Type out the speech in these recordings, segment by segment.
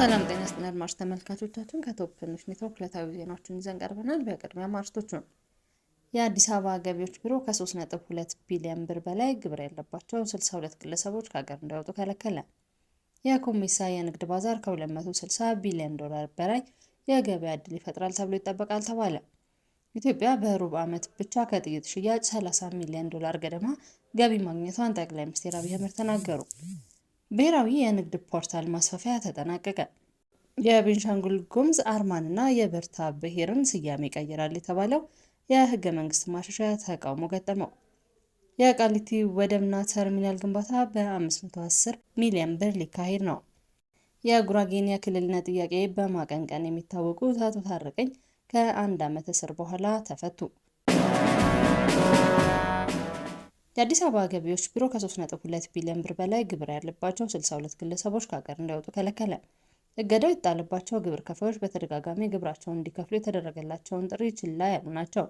ሰላም ጤና ይስጥልን አድማጭ ተመልካቾቻችን፣ ከቶፕ ትንሽ ኔትወርክ ዕለታዊ ዜናዎችን ይዘን ቀርበናል። በቅድሚያ ማርቶቹን የአዲስ አበባ ገቢዎች ቢሮ ከ3.2 ቢሊዮን ብር በላይ ግብር ያለባቸው 62 ግለሰቦች ከሀገር እንዳይወጡ ከለከለ። የኮሜሳ የንግድ ባዛር ከ260 ቢሊዮን ዶላር በላይ የገበያ ዕድል ይፈጥራል ተብሎ ይጠበቃል ተባለ። ኢትዮጵያ በሩብ ዓመት ብቻ ከጥይት ሽያጭ 30 ሚሊዮን ዶላር ገደማ ገቢ ማግኘቷን ጠቅላይ ሚኒስትር አብይ አህመድ ተናገሩ። ብሔራዊ የንግድ ፖርታል ማስፋፊያ ተጠናቀቀ። የቤኒሻንጉል ጉምዝ አርማንና የበርታ ብሔርን ስያሜ ይቀይራል የተባለው የሕገ መንግስት ማሻሻያ ተቃውሞ ገጠመው። የቃሊቲ ወደብና ተርሚናል ግንባታ በ510 ሚሊዮን ብር ሊካሄድ ነው። የጉራጌንያ ክልልነ ጥያቄ በማቀንቀን የሚታወቁት አቶ ታረቀኝ ከአንድ ዓመት እስር በኋላ ተፈቱ። የአዲስ አበባ ገቢዎች ቢሮ ከ3.2 ቢሊዮን ብር በላይ ግብር ያለባቸው 62 ግለሰቦች ከሀገር እንዳይወጡ ከለከለ። እገዳው የጣለባቸው ግብር ከፋዮች በተደጋጋሚ ግብራቸውን እንዲከፍሉ የተደረገላቸውን ጥሪ ችላ ያሉ ናቸው።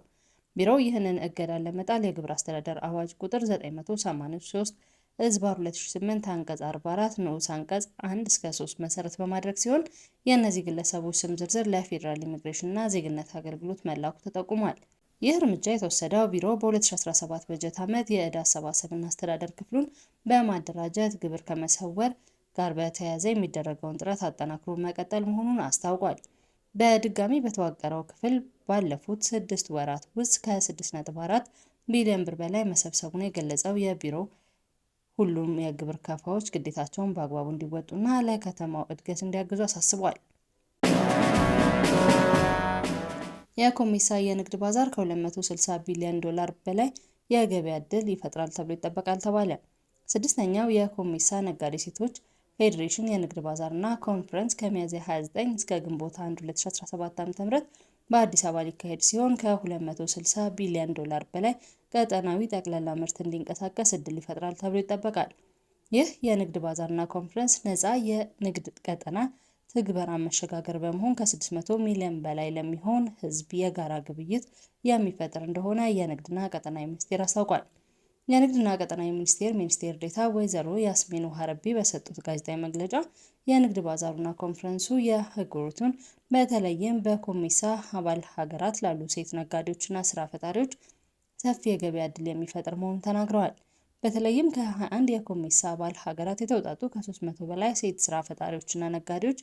ቢሮው ይህንን እገዳ ለመጣል የግብር አስተዳደር አዋጅ ቁጥር 983 ህዝባር 2008 አንቀጽ 44 ንዑስ አንቀጽ 1 እስከ 3 መሰረት በማድረግ ሲሆን የእነዚህ ግለሰቦች ስም ዝርዝር ለፌዴራል ኢሚግሬሽን እና ዜግነት አገልግሎት መላኩ ተጠቁሟል። ይህ እርምጃ የተወሰደው ቢሮ በ2017 በጀት ዓመት የዕዳ አሰባሰብና አስተዳደር ክፍሉን በማደራጀት ግብር ከመሰወር ጋር በተያያዘ የሚደረገውን ጥረት አጠናክሮ መቀጠል መሆኑን አስታውቋል። በድጋሚ በተዋቀረው ክፍል ባለፉት ስድስት ወራት ውስጥ ከ6.4 ቢሊዮን ብር በላይ መሰብሰቡን የገለጸው የቢሮው ሁሉም የግብር ከፋዎች ግዴታቸውን በአግባቡ እንዲወጡና ለከተማው እድገት እንዲያግዙ አሳስቧል። የኮሜሳ የንግድ ባዛር ከ260 ቢሊዮን ዶላር በላይ የገበያ ዕድል ይፈጥራል ተብሎ ይጠበቃል ተባለ። ስድስተኛው የኮሜሳ ነጋዴ ሴቶች ፌዴሬሽን የንግድ ባዛርና ኮንፈረንስ ከሚያዝያ 29 እስከ ግንቦት 1 2017 ዓ.ም በአዲስ አበባ ሊካሄድ ሲሆን ከ260 ቢሊዮን ዶላር በላይ ቀጠናዊ ጠቅላላ ምርት እንዲንቀሳቀስ እድል ይፈጥራል ተብሎ ይጠበቃል። ይህ የንግድ ባዛርና ኮንፈረንስ ነፃ የንግድ ቀጠና ትግበራ መሸጋገር በመሆን ከ600 ሚሊዮን በላይ ለሚሆን ህዝብ የጋራ ግብይት የሚፈጥር እንደሆነ የንግድና ቀጠናዊ ሚኒስቴር አስታውቋል። የንግድና ቀጠናዊ ሚኒስቴር ሚኒስቴር ዴታ ወይዘሮ ያስሚን ውሃረቢ በሰጡት ጋዜጣዊ መግለጫ የንግድ ባዛሩና ኮንፈረንሱ የህጉሩቱን በተለይም በኮሚሳ አባል ሀገራት ላሉ ሴት ነጋዴዎችና ስራ ፈጣሪዎች ሰፊ የገበያ እድል የሚፈጥር መሆኑን ተናግረዋል። በተለይም ከ21 የኮሚሳ አባል ሀገራት የተውጣጡ ከ300 በላይ ሴት ስራ ፈጣሪዎችና ነጋዴዎች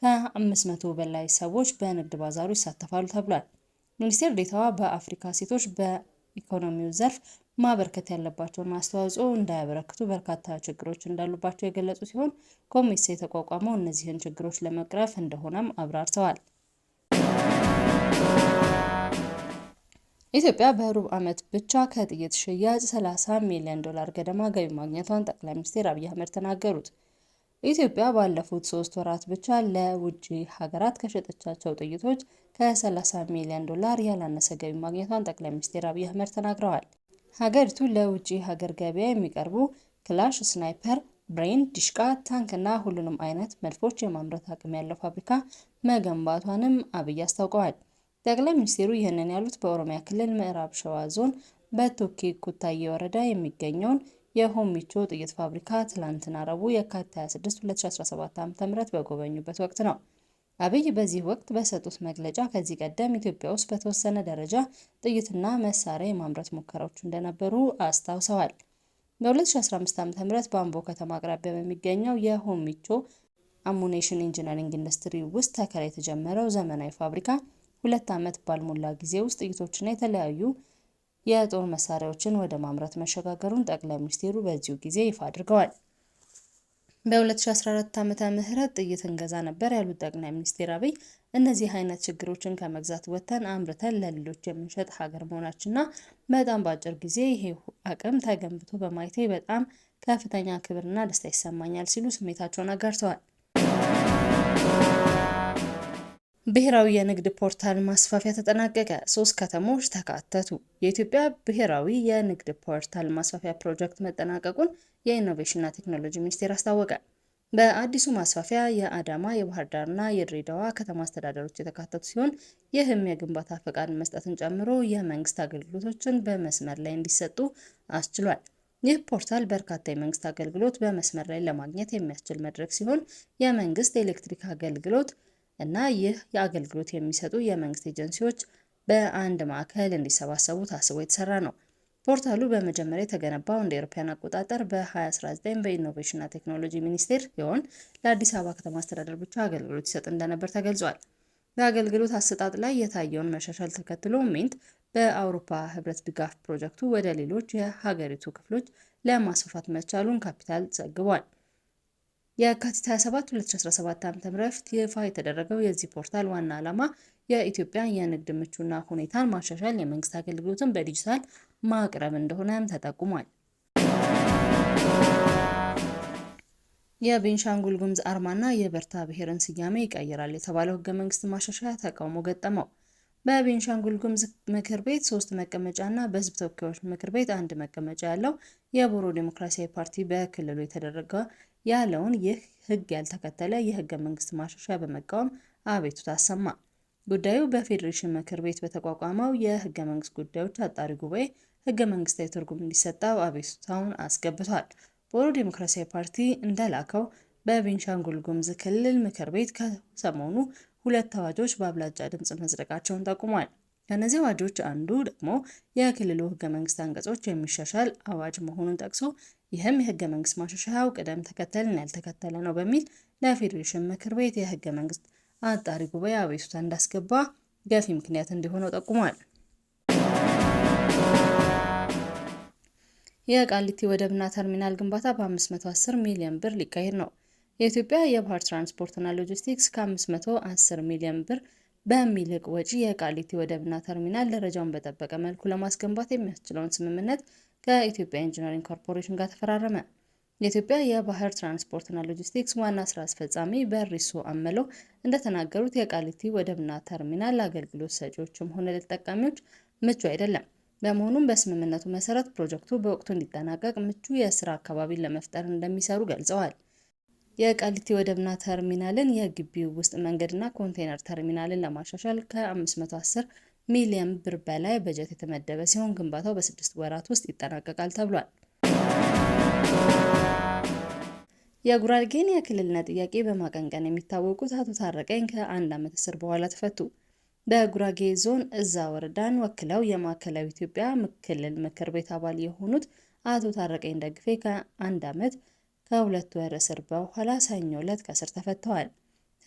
ከ500 በላይ ሰዎች በንግድ ባዛሩ ይሳተፋሉ ተብሏል። ሚኒስቴር ዴታዋ በአፍሪካ ሴቶች በኢኮኖሚው ዘርፍ ማበርከት ያለባቸውን አስተዋጽኦ እንዳያበረክቱ በርካታ ችግሮች እንዳሉባቸው የገለጹ ሲሆን ኮሜሳ የተቋቋመው እነዚህን ችግሮች ለመቅረፍ እንደሆነም አብራርተዋል። ኢትዮጵያ በሩብ ዓመት ብቻ ከጥይት ሽያጭ 30 ሚሊዮን ዶላር ገደማ ገቢ ማግኘቷን ጠቅላይ ሚኒስትር አብይ አህመድ ተናገሩት። ኢትዮጵያ ባለፉት ሶስት ወራት ብቻ ለውጭ ሀገራት ከሸጠቻቸው ጥይቶች ከ30 ሚሊዮን ዶላር ያላነሰ ገቢ ማግኘቷን ጠቅላይ ሚኒስትር አብይ አህመድ ተናግረዋል። ሀገሪቱ ለውጭ ሀገር ገበያ የሚቀርቡ ክላሽ፣ ስናይፐር፣ ብሬን፣ ዲሽቃ፣ ታንክ እና ሁሉንም አይነት መድፎች የማምረት አቅም ያለው ፋብሪካ መገንባቷንም አብይ አስታውቀዋል። ጠቅላይ ሚኒስትሩ ይህንን ያሉት በኦሮሚያ ክልል ምዕራብ ሸዋ ዞን በቶኬ ኩታዬ ወረዳ የሚገኘውን የሆሚቾ ጥይት ፋብሪካ ትላንትና ረቡዕ የካቲት 26 2017 ዓ.ም በጎበኙበት ወቅት ነው። አብይ በዚህ ወቅት በሰጡት መግለጫ ከዚህ ቀደም ኢትዮጵያ ውስጥ በተወሰነ ደረጃ ጥይትና መሳሪያ የማምረት ሙከራዎች እንደነበሩ አስታውሰዋል። በ2015 ዓ.ም በአምቦ ከተማ አቅራቢያ በሚገኘው የሆሚቾ አሙኔሽን ኢንጂነሪንግ ኢንዱስትሪ ውስጥ ተከላ የተጀመረው ዘመናዊ ፋብሪካ ሁለት ዓመት ባልሞላ ጊዜ ውስጥ ጥይቶችና የተለያዩ የጦር መሳሪያዎችን ወደ ማምረት መሸጋገሩን ጠቅላይ ሚኒስትሩ በዚሁ ጊዜ ይፋ አድርገዋል። በ2014 ዓመተ ምህረት ጥይት እንገዛ ነበር ያሉት ጠቅላይ ሚኒስትር አብይ እነዚህ አይነት ችግሮችን ከመግዛት ወጥተን አምርተን ለሌሎች የምንሸጥ ሀገር መሆናችንና በጣም በአጭር ጊዜ ይሄ አቅም ተገንብቶ በማየቴ በጣም ከፍተኛ ክብርና ደስታ ይሰማኛል ሲሉ ስሜታቸውን አጋርተዋል። ብሔራዊ የንግድ ፖርታል ማስፋፊያ ተጠናቀቀ። ሶስት ከተሞች ተካተቱ። የኢትዮጵያ ብሔራዊ የንግድ ፖርታል ማስፋፊያ ፕሮጀክት መጠናቀቁን የኢኖቬሽንና ቴክኖሎጂ ሚኒስቴር አስታወቀ። በአዲሱ ማስፋፊያ የአዳማ፣ የባህር ዳርና የድሬዳዋ ከተማ አስተዳደሮች የተካተቱ ሲሆን ይህም የግንባታ ፈቃድ መስጠትን ጨምሮ የመንግስት አገልግሎቶችን በመስመር ላይ እንዲሰጡ አስችሏል። ይህ ፖርታል በርካታ የመንግስት አገልግሎት በመስመር ላይ ለማግኘት የሚያስችል መድረክ ሲሆን የመንግስት ኤሌክትሪክ አገልግሎት እና ይህ የአገልግሎት የሚሰጡ የመንግስት ኤጀንሲዎች በአንድ ማዕከል እንዲሰባሰቡ ታስቦ የተሰራ ነው። ፖርታሉ በመጀመሪያ የተገነባው እንደ አውሮፓውያን አቆጣጠር በ2019 በኢኖቬሽንና ቴክኖሎጂ ሚኒስቴር ሲሆን ለአዲስ አበባ ከተማ አስተዳደር ብቻ አገልግሎት ይሰጥ እንደነበር ተገልጿል። በአገልግሎት አሰጣጥ ላይ የታየውን መሻሻል ተከትሎ ሚንት በአውሮፓ ህብረት ድጋፍ ፕሮጀክቱ ወደ ሌሎች የሀገሪቱ ክፍሎች ለማስፋፋት መቻሉን ካፒታል ዘግቧል። የካቲት 27 2017 ዓ.ም ይፋ የተደረገው የዚህ ፖርታል ዋና ዓላማ የኢትዮጵያ የንግድ ምቹና ሁኔታን ማሻሻል፣ የመንግስት አገልግሎትን በዲጂታል ማቅረብ እንደሆነም ተጠቁሟል። የቤንሻንጉል ጉሙዝ አርማና የበርታ ብሔርን ስያሜ ይቀይራል የተባለው ህገ መንግስት ማሻሻያ ተቃውሞ ገጠመው። በቤንሻንጉል ጉሙዝ ምክር ቤት ሶስት መቀመጫ እና በህዝብ ተወካዮች ምክር ቤት አንድ መቀመጫ ያለው የቦሮ ዴሞክራሲያዊ ፓርቲ በክልሉ የተደረገ ያለውን ይህ ህግ ያልተከተለ የህገ መንግስት ማሻሻያ በመቃወም አቤቱታ አሰማ። ጉዳዩ በፌዴሬሽን ምክር ቤት በተቋቋመው የህገ መንግስት ጉዳዮች አጣሪ ጉባኤ ህገ መንግስታዊ ትርጉም እንዲሰጠው አቤቱታውን አስገብቷል። ቦሮ ዴሞክራሲያዊ ፓርቲ እንደላከው በቤንሻንጉል ጉምዝ ክልል ምክር ቤት ከሰሞኑ ሁለት አዋጆች በአብላጫ ድምፅ መጽደቃቸውን ጠቁሟል። ከእነዚህ አዋጆች አንዱ ደግሞ የክልሉ ህገ መንግስት አንቀጾች የሚሻሻል አዋጅ መሆኑን ጠቅሶ ይህም የህገ መንግስት ማሻሻያው ቅደም ተከተልን ያልተከተለ ነው በሚል ለፌዴሬሽን ምክር ቤት የህገ መንግስት አጣሪ ጉባኤ አቤቱታ እንዳስገባ ገፊ ምክንያት እንደሆነው ጠቁሟል። የቃሊቲ ወደብና ተርሚናል ግንባታ በ510 ሚሊዮን ብር ሊካሄድ ነው። የኢትዮጵያ የባህር ትራንስፖርትና ሎጂስቲክስ ከ510 ሚሊዮን ብር በሚልቅ ወጪ የቃሊቲ ወደብና ተርሚናል ደረጃውን በጠበቀ መልኩ ለማስገንባት የሚያስችለውን ስምምነት ከኢትዮጵያ ኢንጂነሪንግ ኮርፖሬሽን ጋር ተፈራረመ። የኢትዮጵያ የባህር ትራንስፖርትና ሎጂስቲክስ ዋና ስራ አስፈጻሚ በሪሶ አመሎ እንደተናገሩት የቃሊቲ ወደብና ተርሚናል አገልግሎት ሰጪዎችም ሆነ ለተጠቃሚዎች ምቹ አይደለም። በመሆኑም በስምምነቱ መሰረት ፕሮጀክቱ በወቅቱ እንዲጠናቀቅ ምቹ የስራ አካባቢን ለመፍጠር እንደሚሰሩ ገልጸዋል። የቃሊቲ ወደብና ተርሚናልን የግቢው ውስጥ መንገድና ኮንቴነር ተርሚናልን ለማሻሻል ከ510 ሚሊዮን ብር በላይ በጀት የተመደበ ሲሆን ግንባታው በስድስት ወራት ውስጥ ይጠናቀቃል ተብሏል። የጉራጌን የክልልነት ጥያቄ በማቀንቀን የሚታወቁት አቶ ታረቀኝ ከአንድ ዓመት እስር በኋላ ተፈቱ። በጉራጌ ዞን እዛ ወረዳን ወክለው የማዕከላዊ ኢትዮጵያ ክልል ምክር ቤት አባል የሆኑት አቶ ታረቀኝ ደግፌ ከአንድ ዓመት ከሁለት ወር እስር በኋላ ሰኞ ዕለት ከእስር ተፈተዋል።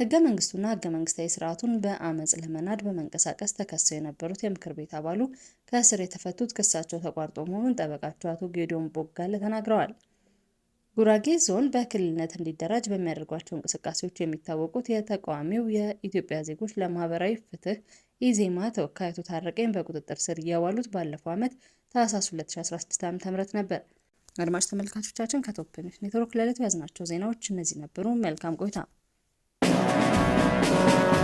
ህገ መንግስቱና ህገ መንግስታዊ ስርዓቱን በአመፅ ለመናድ በመንቀሳቀስ ተከሰው የነበሩት የምክር ቤት አባሉ ከእስር የተፈቱት ክሳቸው ተቋርጦ መሆኑን ጠበቃቸው አቶ ጌዲዮን ቦጋለ ተናግረዋል። ጉራጌ ዞን በክልልነት እንዲደራጅ በሚያደርጓቸው እንቅስቃሴዎች የሚታወቁት የተቃዋሚው የኢትዮጵያ ዜጎች ለማህበራዊ ፍትህ ኢዜማ ተወካይ አቶ ታረቀኝ በቁጥጥር ስር እያዋሉት ባለፈው ዓመት ታህሳስ 2016 ም ነበር። አድማጭ ተመልካቾቻችን ከቶፕ ኔትወርክ ለዕለቱ ያዝናቸው ዜናዎች እነዚህ ነበሩ። መልካም ቆይታ Thank you.